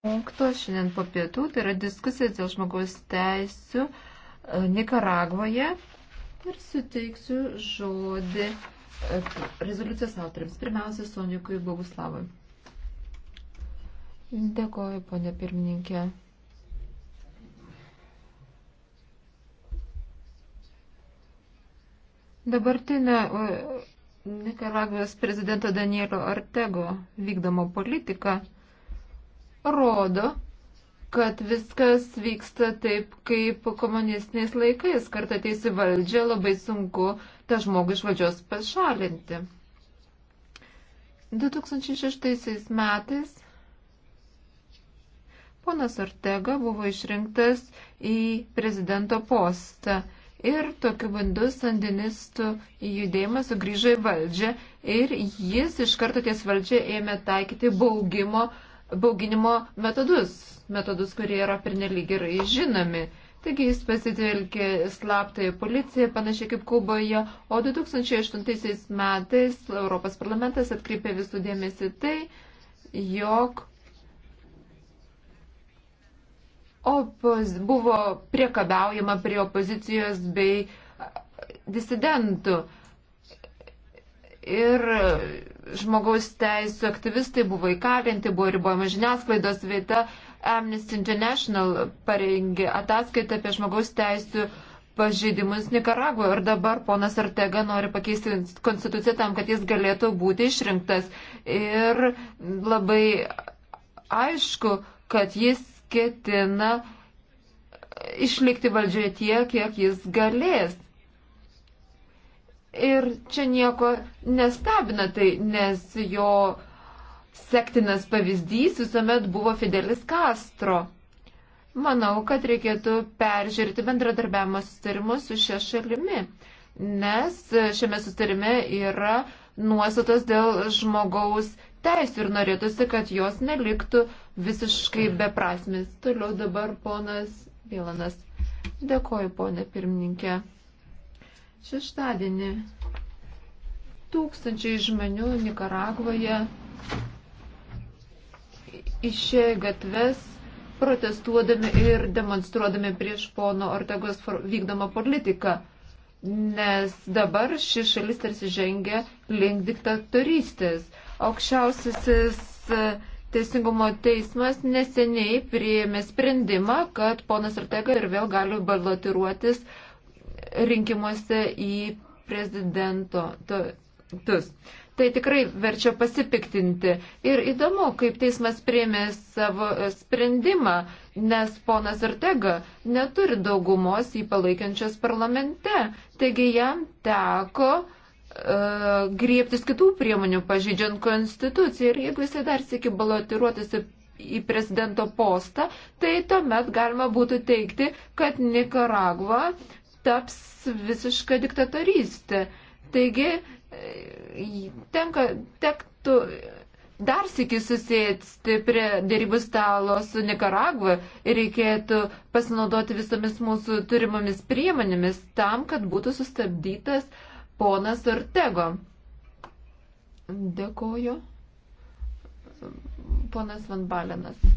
punkto šiandien po pietų, tai yra diskusija dėl žmogaus teisų e, Nikaragvoje ir suteiksiu žodį e, rezoliucijos autoriams. Pirmiausia, Sonikui Boguslavui. Dėkoju, ponė pirmininkė. Dabartinė e, Nikaragvės prezidento Danielio Artego vykdomo politika rodo, kad viskas vyksta taip, kaip komunistiniais laikais. Kartą ateisi valdžia, labai sunku tą žmogų iš valdžios pašalinti. 2006 metais ponas Ortega buvo išrinktas į prezidento postą ir tokiu būdu sandinistų judėjimas sugrįžo į valdžią ir jis iš karto ties valdžią ėmė taikyti baugimo uh, bauginimo metodus, metodus, kurie yra pernelyg gerai žinomi. Taigi jis pasitelkė slaptąją policiją, panašiai kaip Kuboje, o 2008 metais Europos parlamentas atkreipė visų dėmesį tai, jog opoz... buvo priekabiaujama prie opozicijos bei disidentų ir žmogaus teisų aktyvistai buvo įkalinti, buvo ribojama žiniasklaidos veita. Amnesty International parengė ataskaitą apie žmogaus teisų pažeidimus Nikaragoje ir dabar ponas Artega nori pakeisti konstituciją tam, kad jis galėtų būti išrinktas. Ir labai aišku, kad jis ketina išlikti valdžioje tiek, kiek jis galės. Ir čia nieko nestebina tai, nes jo sektinas pavyzdys visuomet buvo Fidelis Castro. Manau, kad reikėtų peržiūrėti bendradarbiavimo sustarimus su šia šalimi, nes šiame sustarime yra nuostatos dėl žmogaus teisų ir norėtųsi, kad jos neliktų visiškai beprasmis. Toliau dabar ponas Vilanas. Dėkoju, ponė pirmininkė. Šeštadienį tūkstančiai žmonių Nikaragvoje išėjo gatves protestuodami ir demonstruodami prieš pono Ortegos vykdomą politiką, nes dabar ši šalis tarsi žengia link diktatorystės. Aukščiausiasis e, Teisingumo teismas neseniai priėmė sprendimą, kad ponas Ortega ir vėl gali balotiruotis uh, rinkimuose į prezidento tus. Tai tikrai verčia pasipiktinti. Ir įdomu, kaip teismas priėmė savo sprendimą, nes ponas Artega neturi daugumos jį palaikančios parlamente. Taigi jam teko uh, griebtis kitų priemonių, pažydžiant konstituciją. Ir jeigu jisai dar sėki balotiruotųsi į prezidento postą, tai tuomet galima būtų teikti, kad Nikaragva uh, taps visiška diktatorystė. Taigi e, tenka, tektų dar sėki susėsti prie dėrybų stalo su Nikaragva ir reikėtų pasinaudoti visomis mūsų turimomis priemonėmis tam, kad būtų sustabdytas ponas Ortego. Dėkoju. Ponas Van Balenas.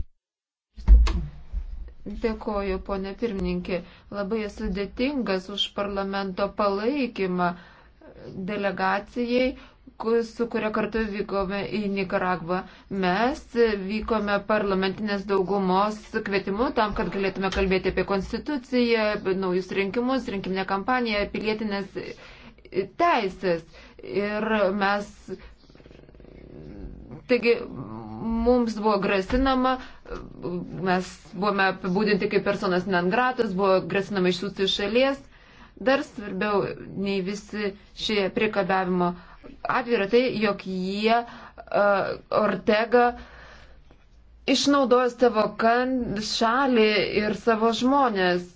Dėkoju, ponė pirmininkė. Labai esu dėtingas už parlamento palaikymą delegacijai, su kuria kartu vykome į Nikaragvą. Mes vykome parlamentinės daugumos kvietimu tam, kad galėtume kalbėti apie konstituciją, naujus rinkimus, rinkiminę kampaniją, pilietinės teisės. Ir mes. Taigi, mums buvo grasinama, mes buvome apibūdinti kaip personas nengratas, buvo grasinama išsiųsti iš šalies. Dar svarbiau nei visi šie priekabiavimo atvira tai, jog jie uh, Ortega išnaudoja savo šalį ir savo žmonės.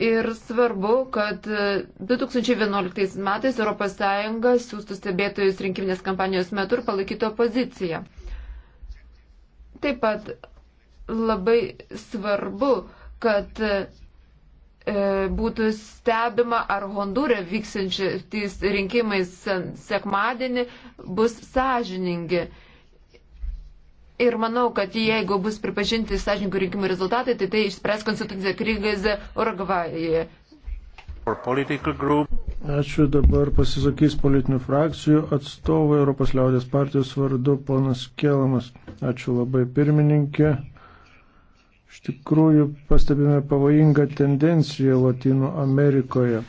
Ir svarbu, kad 2011 e, metais ES siūstų stebėtojus rinkiminės kampanijos metu ir palaikytų opoziciją. Taip pat labai svarbu, kad e, būtų stebima, ar Hondūre vyksančiais rinkimais sekmadienį bus sąžiningi. Ir manau, kad jeigu bus pripažinti sąžininkų rinkimų rezultatai, tai tai išspręs konstitucinę krizę Urugvajoje. Ačiū dabar pasisakys politinių frakcijų atstovai Europos liaudės partijos vardu ponas Kelamas. Ačiū labai pirmininkė. Iš tikrųjų pastebime pavojingą tendenciją Latino Amerikoje.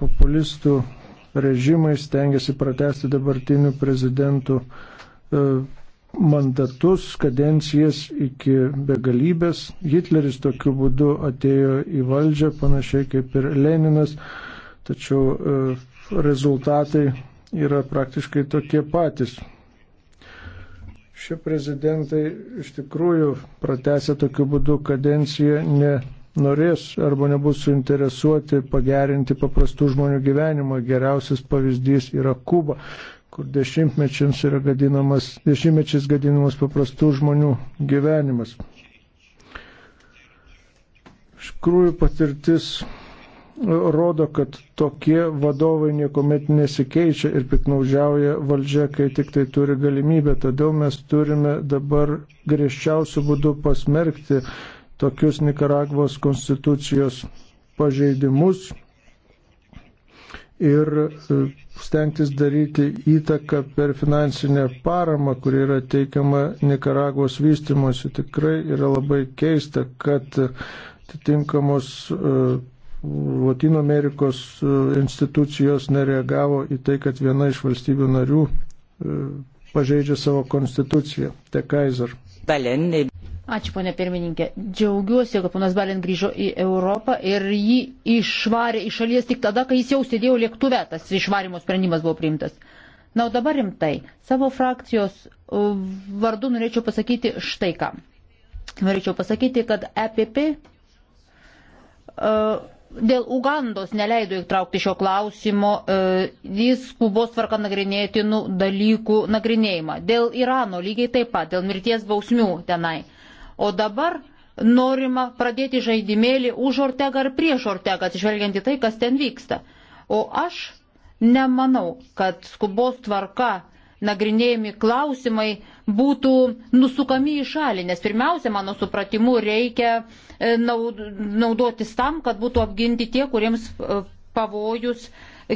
Populistų režimai stengiasi pratesti dabartinių prezidentų e, mandatus, kadencijas iki begalybės. Hitleris tokiu būdu atėjo į valdžią, panašiai kaip ir Leninas tačiau e, rezultatai yra praktiškai tokie patys. Šie prezidentai iš tikrųjų pratęsę tokiu būdu kadenciją nenorės arba nebus suinteresuoti pagerinti paprastų žmonių gyvenimą. Geriausias pavyzdys yra Kuba, kur dešimtmečiams yra gadinamas, dešimtmečiais gadinamas paprastų žmonių gyvenimas. Iš tikrųjų patirtis rodo, kad tokie vadovai niekuomet nesikeičia ir piknaudžiauja valdžia, kai tik tai turi galimybę. Todėl mes turime dabar griežčiausių būdų pasmerkti tokius Nikaragvos konstitucijos pažeidimus ir e, stengtis daryti įtaką per finansinę paramą, kuri yra teikiama Nikaragvos vystimuose. Tikrai yra labai keista, kad atitinkamos e, Latino Amerikos e, institucijos nereagavo į tai, kad viena iš valstybių narių e, pažeidžia savo konstituciją. Te Kaiser. Balenai. Ačiū, ponė pirmininkė. Džiaugiuosi, kad ponas Balin grįžo į Europą ir jį išvarė iš šalies tik tada, kai jis jau sėdėjo lėktuve, tas išvarimo sprendimas buvo priimtas. Na, o dabar rimtai. Savo frakcijos e, vardu norėčiau pasakyti štai ką. Norėčiau pasakyti, kad EPP uh, dėl Ugandos neleido įtraukti šio klausimo, e, jis skubos tvarka nagrinėtinų nu, dalykų nagrinėjimą. Dėl Irano lygiai taip pat, dėl mirties bausmių tenai. O dabar norima pradėti žaidimėlį už Ortegą ar prieš Ortegą, atsižvelgiant į tai, kas ten vyksta. O aš nemanau, kad skubos tvarka nagrinėjami klausimai būtų nusukami į šalį, nes pirmiausia, mano supratimu, reikia e, naudotis tam, kad būtų apginti tie, kuriems e, pavojus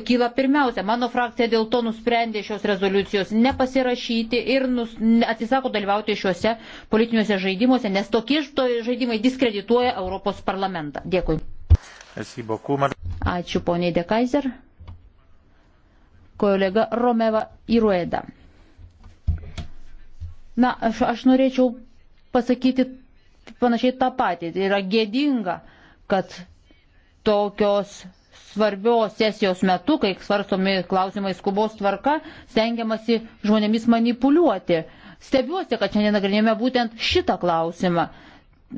kyla pirmiausia. Mano frakcija dėl to nusprendė šios rezoliucijos nepasirašyti ir nus, atsisako dalyvauti šiuose politiniuose žaidimuose, nes tokie žaidimai diskredituoja Europos parlamentą. Dėkui. Ačiū poniai Dekaiser kolega Romeva Irueda. Na, aš, aš norėčiau pasakyti panašiai tą patį. Tai yra gėdinga, kad tokios svarbios sesijos metu, kai svarstomi klausimai skubos tvarka, stengiamasi žmonėmis manipuliuoti. Stebiuosi, kad šiandien nagrinėjome būtent šitą klausimą.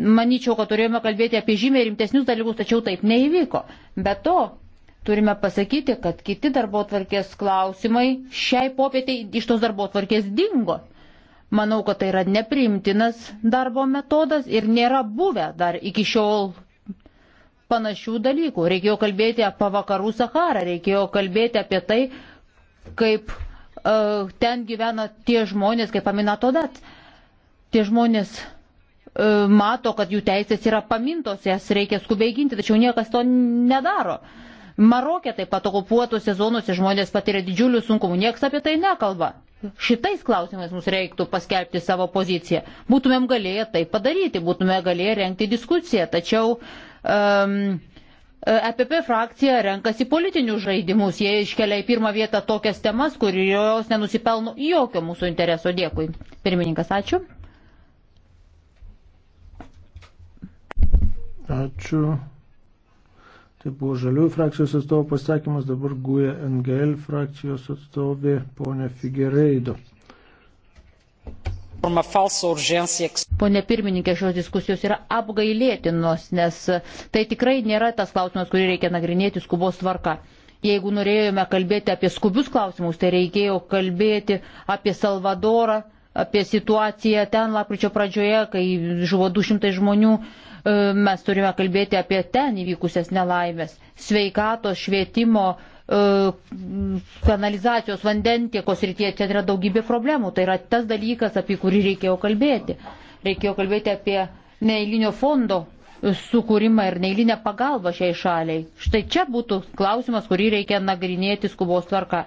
Maničiau, kad turėjome kalbėti apie žymiai rimtesnius dalykus, tačiau taip neįvyko. Be to, Turime pasakyti, kad kiti darbo tvarkės klausimai šiai popietiai iš tos darbo tvarkės dingo. Manau, kad tai yra nepriimtinas darbo metodas ir nėra buvę dar iki šiol panašių dalykų. Reikėjo kalbėti apie vakarų Saharą, reikėjo kalbėti apie tai, kaip uh, ten gyvena tie žmonės, kaip paminato dat. Tie žmonės uh, mato, kad jų teisės yra pamintos, jas reikia skubiai ginti, tačiau niekas to nedaro. Uh, Marokė taip pat okupuotose zonose žmonės patiria didžiulių sunkumų, niekas apie tai nekalba. Šitais klausimais mums reiktų paskelbti savo poziciją. Būtumėm galėję tai padaryti, būtume galėję renkti diskusiją, tačiau um, ehm, EPP e frakcija renkasi politinius žaidimus. Jie iškelia į pirmą vietą tokias temas, kurios nenusipelno jokio mūsų intereso. Dėkui. Pirmininkas, ačiū. Ačiū. Tai buvo žaliųjų frakcijos atstovo pasakymas, dabar guja NGL frakcijos atstovė ponė Figereido. Pone pirmininkė, šios diskusijos yra apgailėtinos, nes tai tikrai nėra tas klausimas, kurį reikia nagrinėti skubos tvarka. Jeigu norėjome kalbėti apie skubius klausimus, tai reikėjo kalbėti apie Salvadorą, apie situaciją ten lapkričio pradžioje, kai žuvo 200 žmonių. E, mes turime kalbėti apie ten įvykusias nelaimės - sveikatos, švietimo, e, kanalizacijos, vandentiekos rytie. Čia yra daugybė problemų. Tai yra tas dalykas, apie kurį reikėjo kalbėti. Reikėjo kalbėti apie neįlinio fondo sukūrimą ir neįlinę pagalbą šiai šaliai. Štai čia būtų klausimas, kurį reikia nagrinėti skubos tvarka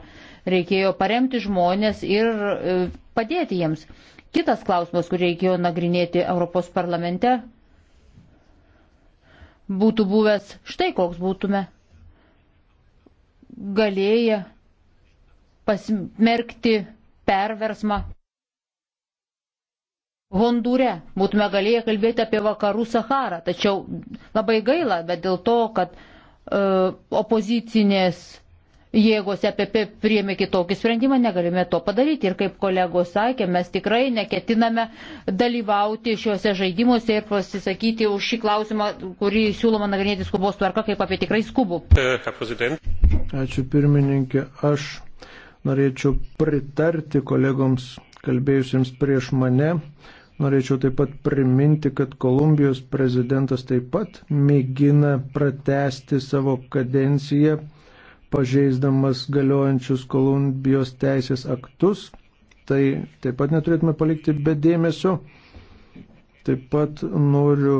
reikėjo paremti žmonės ir e, padėti jiems. Kitas klausimas, kurį reikėjo nagrinėti Europos parlamente, būtų buvęs štai koks būtume galėję pasmerkti perversmą Hondūre. Būtume galėję kalbėti apie vakarų Saharą. Tačiau labai gaila, bet dėl to, kad e, opozicinės jėgos EPP priemė kitokį sprendimą, negalime to padaryti. Ir kaip kolegos sakė, mes tikrai neketiname dalyvauti šiuose žaidimuose ir pasisakyti už šį klausimą, kurį siūloma nagrinėti skubos tvarka, kaip apie tikrai skubų. Ačiū pirmininkė. Aš norėčiau pritarti kolegoms kalbėjusiems prieš mane. Norėčiau taip pat priminti, kad Kolumbijos prezidentas taip pat mėgina pratesti savo kadenciją pažeisdamas galiojančius Kolumbijos teisės aktus. Tai taip pat neturėtume palikti be dėmesio. Taip pat noriu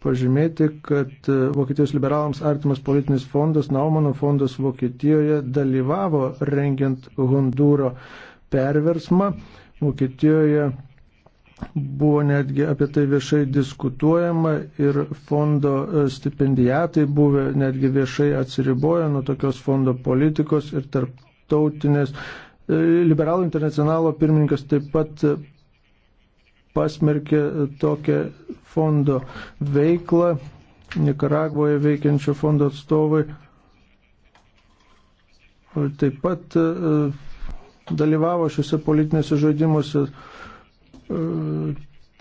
pažymėti, kad Vokietijos liberalams artimas politinis fondas, Naumano fondas Vokietijoje dalyvavo rengiant Hondūro perversmą. Vokietijoje Buvo netgi apie tai viešai diskutuojama ir fondo e, stipendijatai buvę netgi viešai atsiribojo nuo tokios fondo politikos ir tarptautinės. E, liberalų internacionalo pirmininkas taip pat pasmerkė e, tokią fondo veiklą. Nikaragvoje veikiančio fondo atstovai taip pat dalyvavo šiuose politinėse žaidimuose E,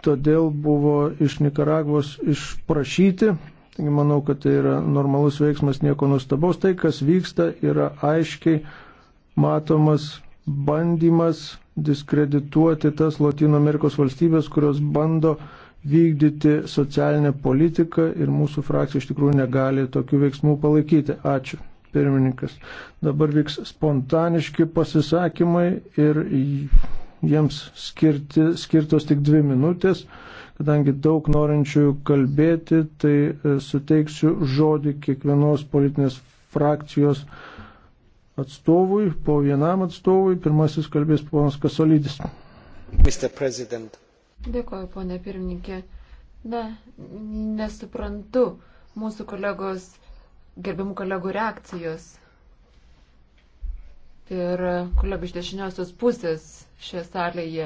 todėl buvo iš Nikaragvos išprašyti. Taigi manau, kad tai yra normalus veiksmas, nieko nustabaus. Tai, kas vyksta, yra aiškiai matomas bandymas diskredituoti tas Latino Amerikos valstybės, kurios bando vykdyti socialinę politiką ir mūsų frakcija iš tikrųjų negali tokių veiksmų palaikyti. Ačiū, pirmininkas. Dabar vyks spontaniški pasisakymai ir jiems skirti, skirtos tik dvi minutės. Kadangi daug norinčių kalbėti, tai e, suteiksiu žodį kiekvienos politinės frakcijos atstovui, po vienam atstovui. Pirmasis kalbės ponas Kasolydis. Dėkuoju, ponė pirmininkė. Na, nesuprantu mūsų kolegos, gerbiamų kolegų reakcijos ir kolegų iš dešiniosios pusės šioje salėje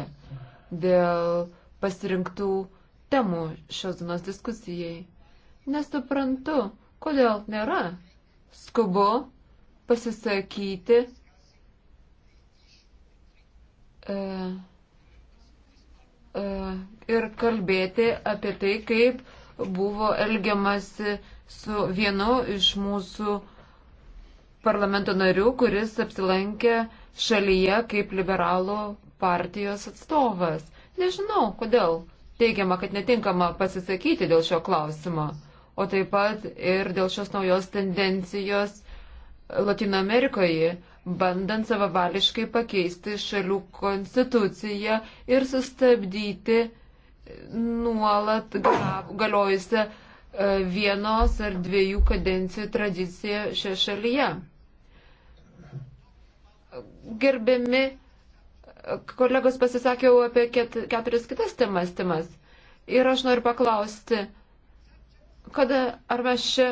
dėl pasirinktų temų šios dienos diskusijai. Nesuprantu, kodėl nėra skubu pasisakyti e, e, ir kalbėti apie tai, kaip buvo elgiamasi su vienu iš mūsų parlamento narių, kuris apsilankė šalyje kaip liberalų partijos atstovas. Nežinau, kodėl teigiama, kad netinkama pasisakyti dėl šio klausimo, o taip pat ir dėl šios naujos tendencijos Latino Amerikoje, bandant savavališkai pakeisti šalių konstituciją ir sustabdyti nuolat galiojusią e, vienos ar dviejų kadencijų tradiciją šioje šalyje. Gerbiami Kolegos pasisakiau apie ket, keturias kitas temas, temas. Ir aš noriu paklausti, kada ar mes čia.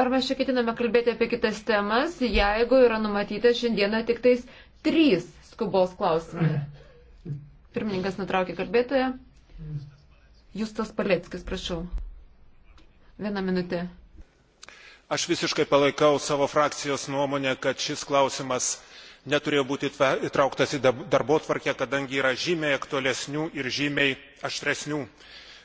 Ar mes čia ketiname kalbėti apie kitas temas, jeigu yra numatyta šiandieną tik tais trys skubos klausimai? Pirmininkas nutraukė kalbėtoją. Justas Paleckis, prašau. Vieną minutę. Aš visiškai palaikau savo frakcijos nuomonę, kad šis klausimas neturėjo būti įtrauktas į darbotvarkę kadangi yra žymiai aktualesnių ir žymiai aštresnių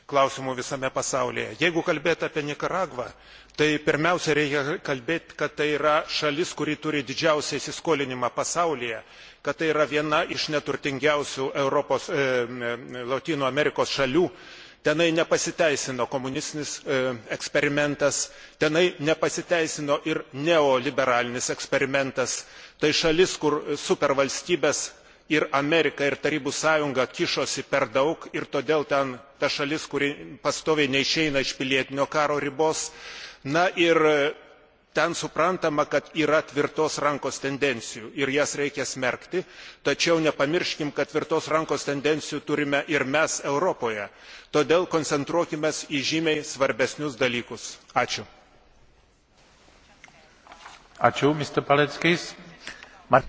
klausimų visame pasaulyje. jeigu kalbėt apie nikaragvą tai pirmiausia reikia kalbėt kad tai yra šalis kuri turi didžiausią įsiskolinimą pasaulyje kad tai yra viena iš neturtingiausių europos e, lotynų amerikos šalių tenai nepasiteisino komunistinis e, eksperimentas tenai nepasiteisino ir neoliberalinis eksperimentas tai šalis kur supervalstybės ir amerika ir tarybų sąjunga kišosi per daug ir todėl ten ta šalis kuri pastoviai neišeina iš pilietinio karo ribos na ir e, ten suprantama kad yra tvirtos rankos tendencijų ir jas reikia smerkti tačiau nepamirškime kad tvirtos rankos tendencijų turime ir mes europoje todėl koncentruokimės į žymiai svarbesnius dalykus. ačiū. ačiū Mar...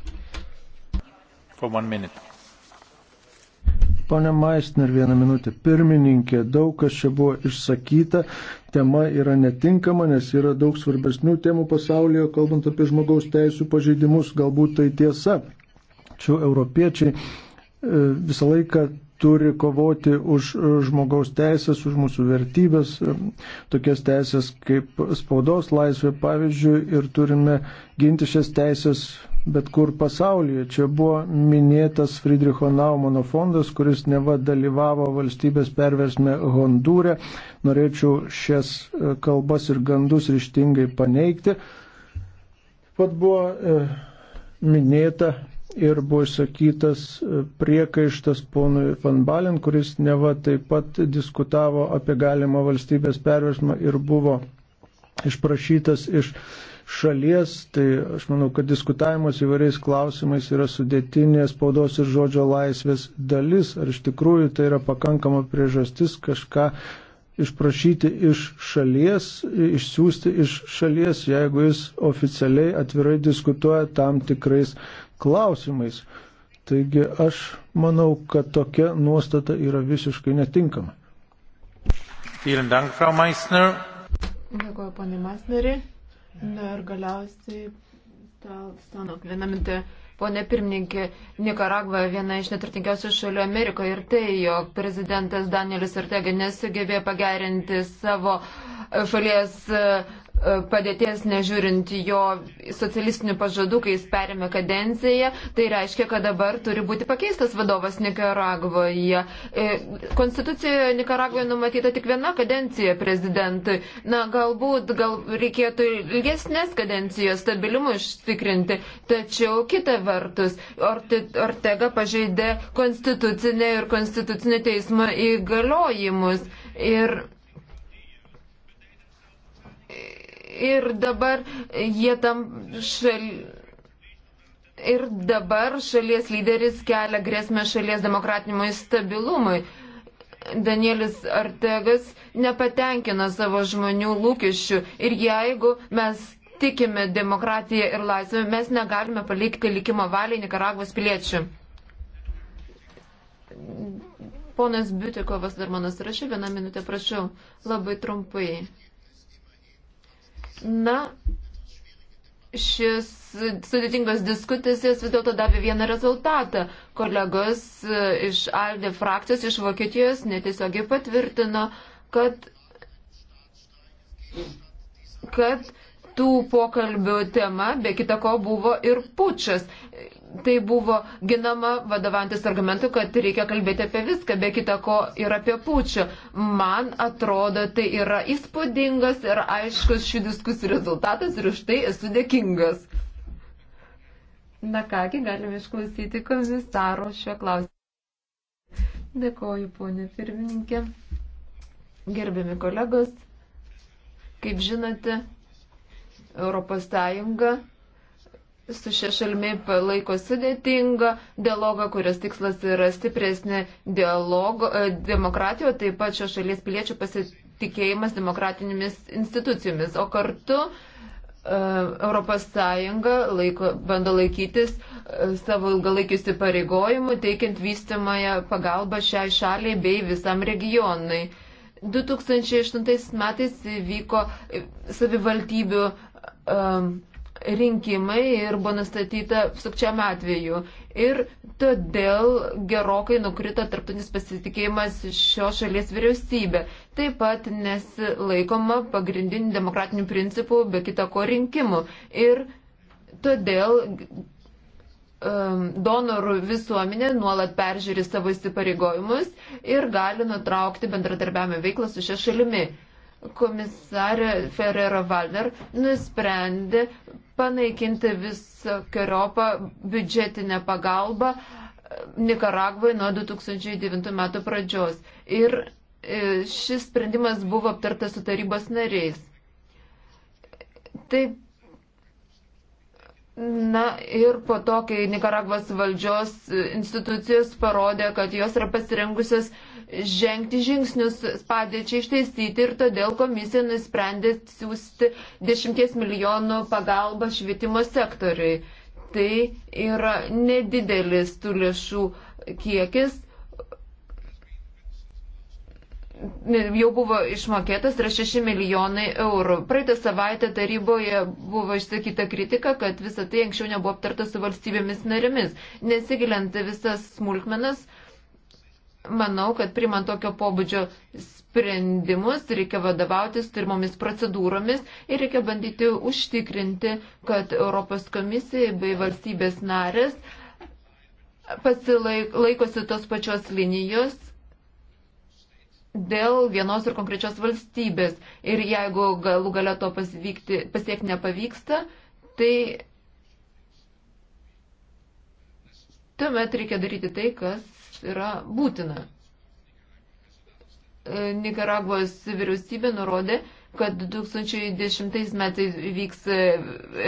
Pone Maisner, vieną minutę. Pirmininkė, daug kas čia buvo išsakyta, tema yra netinkama, nes yra daug svarbesnių temų pasaulyje, kalbant apie žmogaus teisų pažeidimus, galbūt tai tiesa. Čia europiečiai e, visą laiką turi kovoti už e, žmogaus teisės, už mūsų vertybės, e, tokias teisės kaip spaudos laisvė, pavyzdžiui, ir turime ginti šias teisės bet kur pasaulyje. Čia buvo minėtas Friedricho Naumano fondas, kuris neva dalyvavo valstybės perversme Hondūre. Norėčiau šias e, kalbas ir gandus ryštingai paneigti. Pat buvo e, minėta ir buvo išsakytas e, priekaištas ponui Van Balen, kuris neva taip pat diskutavo apie galimą valstybės perversmą ir buvo išprašytas iš šalies, tai aš manau, kad diskutavimas įvairiais klausimais yra sudėtinės spaudos ir žodžio laisvės dalis. Ar iš tikrųjų tai yra pakankama priežastis kažką išprašyti iš šalies, išsiųsti iš šalies, jeigu jis oficialiai atvirai diskutuoja tam tikrais klausimais. Taigi aš manau, kad tokia nuostata yra visiškai netinkama. Vielen Dank, Frau Meissner. Dėkuoju, ponė Masneri. Na ir galiausiai, stanok, vieną mintį. Pone pirmininkė, Nikaragva viena iš neturtingiausių šalių Amerikoje ir tai, jog prezidentas Danielis Ortega nesugebėjo pagerinti savo e, šalies e, E, padėties, nežiūrint jo socialistinių pažadų, kai jis perėmė kadenciją, tai reiškia, kad dabar turi būti pakeistas vadovas Nikaragvoje. E, Konstitucijoje Nikaragvoje numatyta tik viena kadencija prezidentui. Na, galbūt gal reikėtų ilgesnės kadencijos stabilumui ištikrinti, tačiau kita vertus, Ortega pažeidė konstitucinę ir konstitucinį teismą įgaliojimus. Ir ir dabar jie tam šal. Ir dabar šalies lyderis kelia grėsmę šalies demokratinimui stabilumui. Danielis Artegas nepatenkina savo žmonių lūkesčių ir jeigu mes tikime demokratiją ir laisvę, mes negalime palikti likimo valiai Nikaragvos piliečių. Ponas Biutikovas dar mano sąrašė, vieną minutę prašau, labai trumpai. Na, šis sudėtingas diskusijas vis dėlto davė vieną rezultatą. Kolegos e, iš Alde frakcijos iš Vokietijos netiesiogiai patvirtino, kad, kad tų pokalbių tema, be kita ko, buvo ir pučas. Tai buvo ginama vadovantis argumentu, kad reikia kalbėti apie viską, be kita ko ir apie pučią. Man atrodo, tai yra įspūdingas ir aiškus šių diskusijų rezultatas ir už tai esu dėkingas. Na kągi, galime išklausyti komisaro šio klausimu. Dėkoju, ponė pirmininkė. Gerbiami kolegos, kaip žinote, Europos Sąjunga su šia šalimi palaiko sudėtingą dialogą, kurios tikslas yra stipresnė dialogo, e, demokratijo, taip pat šios šalies piliečių pasitikėjimas demokratinėmis institucijomis. O kartu e, Europos Sąjunga laiko, bando laikytis e, savo ilgalaikius įpareigojimų, teikiant vystimąją pagalbą šiai šaliai bei visam regionui. 2008 metais vyko savivaldybių um, rinkimai ir buvo nustatyta sukčiam atveju. Ir todėl gerokai nukrito tarptautinis pasitikėjimas šios šalies vyriausybė. Taip pat nesilaikoma pagrindinių demokratinių principų, be kita ko rinkimų. Ir todėl um, donorų visuomenė nuolat peržiūri savo įsipareigojimus ir gali nutraukti bendradarbiavimo veiklą su šia šalimi komisarė Ferrero Valder nusprendė panaikinti visokiojopą biudžetinę pagalbą e, Nikaragvai nuo 2009 metų pradžios. Ir e, šis sprendimas buvo aptartas su tarybos nariais. Taip Na ir po to, kai Nikaragvas valdžios institucijos parodė, kad jos yra pasirengusios žengti žingsnius padėčiai išteistyti ir todėl komisija nusprendė siūsti 10 milijonų pagalbą švietimo sektoriui. Tai yra nedidelis tų lėšų kiekis jau buvo išmokėtas, yra 6 milijonai eurų. Praeitą savaitę taryboje buvo išsakyta kritika, kad visa tai anksčiau nebuvo aptarta su valstybėmis narėmis. Nesigiliant visas smulkmenas, manau, kad primant tokio pobūdžio sprendimus reikia vadovautis turimomis procedūromis ir reikia bandyti užtikrinti, kad Europos komisija bei valstybės narės pasilaikosi tos pačios linijos dėl vienos ir konkrečios valstybės. Ir jeigu galų gale to pasivykti, pasiekti nepavyksta, tai tuomet reikia daryti tai, kas yra būtina. E, Nikaragvos vyriausybė nurodė, kad 2010 metais vyks e,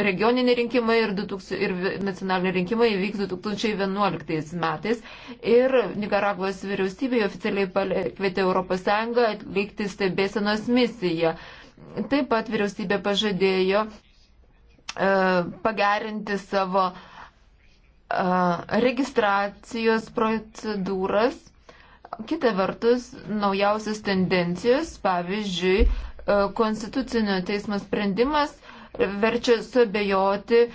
regioniniai rinkimai ir, 2000, ir nacionaliniai rinkimai vyks 2011 metais. Ir Nikaragvos vyriausybė oficialiai pakvietė ES atlikti stebėsenos misiją. Taip pat vyriausybė pažadėjo e, pagerinti savo e, registracijos procedūras. Kita vertus, naujausios tendencijos, pavyzdžiui, E, konstitucinio teismo sprendimas verčia suabejoti e,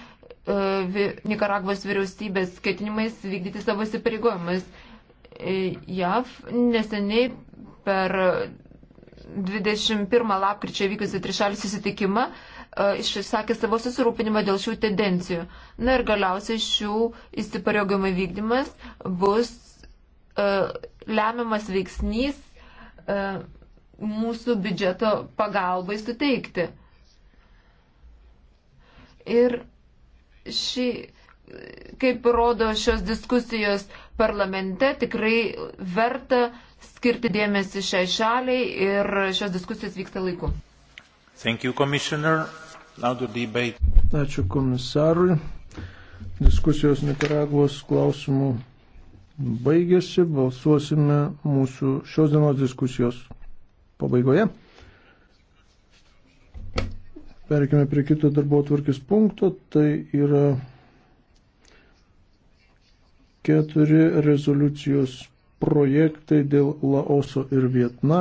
Nikaragvos vyriausybės ketinimais vykdyti savo įsipareigojimus. E, JAV neseniai per 21 lapkričio vykusi trišalį susitikimą išsakė savo susirūpinimą dėl šių tendencijų. Na ir galiausiai šių įsipareigojimų vykdymas bus lemiamas veiksnys mūsų biudžeto pagalbai suteikti. Ir šį, kaip rodo šios diskusijos parlamente, tikrai verta skirti dėmesį šiai šaliai ir šios diskusijos vyksta laiku. Thank you, Commissioner. Now to debate. Ačiū komisarui. Diskusijos Nikaragvos klausimų baigėsi. Balsuosime mūsų šios dienos diskusijos pabaigoje. Perkime prie kito darbo atvarkės punkto, tai yra keturi rezoliucijos projektai dėl Laoso ir Vietnamo.